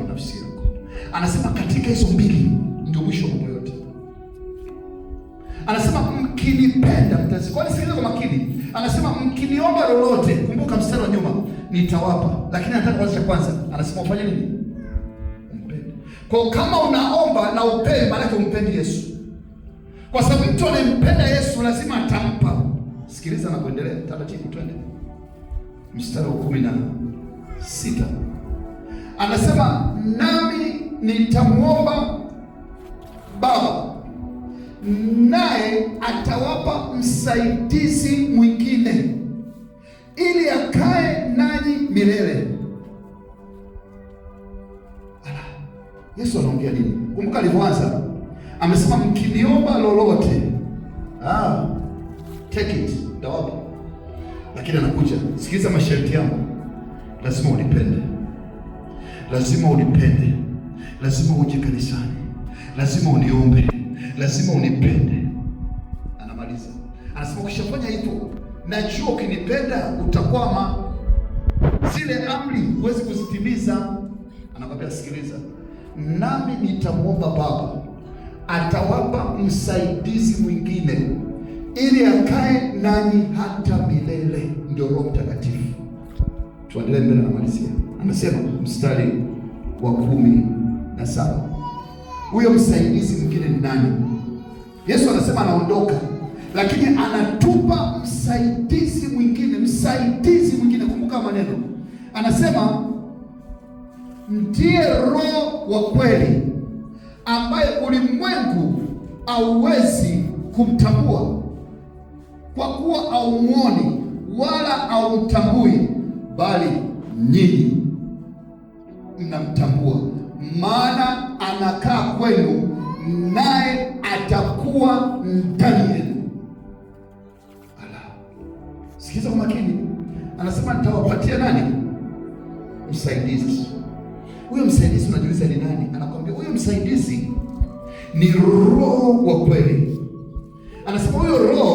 au nafsi yako. Anasema katika hizo mbili ndio mwisho wa mambo yote. Anasema mkinipenda mtazidi. Kwani sikiliza kwa makini. Anasema mkiniomba lolote, kumbuka mstari wa nyuma, nitawapa. Lakini anataka kwanza kwanza, anasema ufanye nini? Umpende. Kwa kama unaomba na upende, maana yake umpende Yesu. Kwa sababu mtu anayempenda Yesu lazima atampa. Sikiliza na kuendelea taratibu, twende mstari wa kumi na sita anasema nami nitamwomba Baba naye atawapa msaidizi mwingine ili akae nanyi milele. Ala, Yesu anaongea nini? Kumbuka alivyoanza amesema mkiniomba lolote, ah, take it dawapa, lakini anakuja, sikiliza masharti yangu, lazima unipende lazima unipende, lazima uje kanisani, lazima uniombe, lazima unipende. Anamaliza anasema, ukishafanya hivyo, najua ukinipenda utakwama, zile amri huwezi kuzitimiza. Anakwambia, sikiliza, nami nitamwomba Baba, atawapa msaidizi mwingine, ili akae nanyi hata milele, ndio Roho Mtakatifu tuendelee mbele, namalizia. Anasema mstari wa kumi na saba huyo msaidizi mwingine ni nani? Yesu anasema anaondoka, lakini anatupa msaidizi mwingine, msaidizi mwingine. Kumbuka maneno, anasema ndiye Roho wa kweli ambaye ulimwengu hauwezi kumtambua kwa kuwa haumuoni wala haumtambui bali nyinyi mnamtambua, maana anakaa kwenu, naye atakuwa ndani yenu. Ala, sikiza kwa makini, anasema nitawapatia nani? Msaidizi. Huyo msaidizi unajiuliza ni nani? Anakwambia huyo msaidizi ni Roho wa kweli. Anasema huyo Roho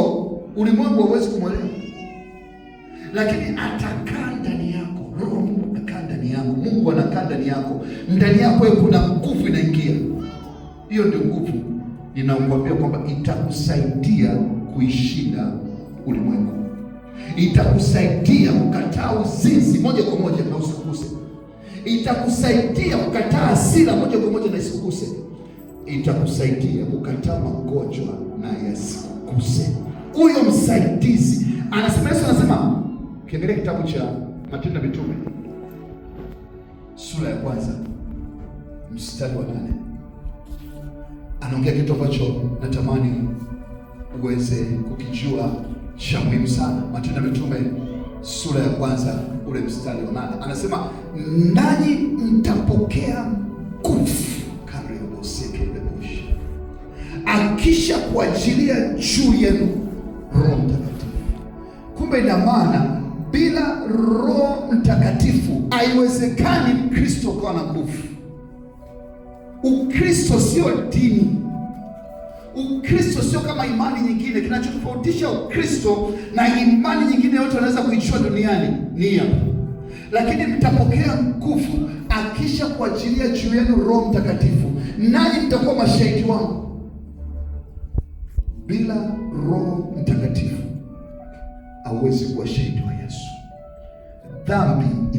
ulimwengu hauwezi kumwelewa lakini atakaa ndani yako. Roho Mungu anakaa ndani yako, Mungu anakaa ndani yako, ndani yako kuna nguvu inaingia. Hiyo ndio nguvu ninakuambia kwamba itakusaidia kuishinda ulimwengu, itakusaidia kukataa uzinzi moja kwa moja na usikuse, itakusaidia kukataa hasira moja kwa moja na isikuse, itakusaidia kukataa magonjwa na yasikuse. Huyo msaidizi anasema, Yesu anasema Kiangalia kitabu cha Matendo ya Mitume sura ya kwanza mstari wa nane anaongea kitu ambacho natamani uweze kukijua cha muhimu sana. Matendo ya Mitume sura ya kwanza ule mstari wa nane anasema, nanyi mtapokea nguvu kariobosekeebushi akisha kuachilia juu yenu Roho Mtakatifu. Kumbe ina maana bila Roho Mtakatifu haiwezekani Mkristo kuwa na nguvu. Ukristo sio dini. Ukristo sio kama imani nyingine. Kinachotofautisha Ukristo na imani nyingine yote wanaweza kuichua duniani nia, lakini mtapokea nguvu akisha kuachilia juu yenu Roho Mtakatifu, nanyi mtakuwa mashahidi wangu. Bila Roho Mtakatifu hauwezi kuwa shahidi. isso. Dá-me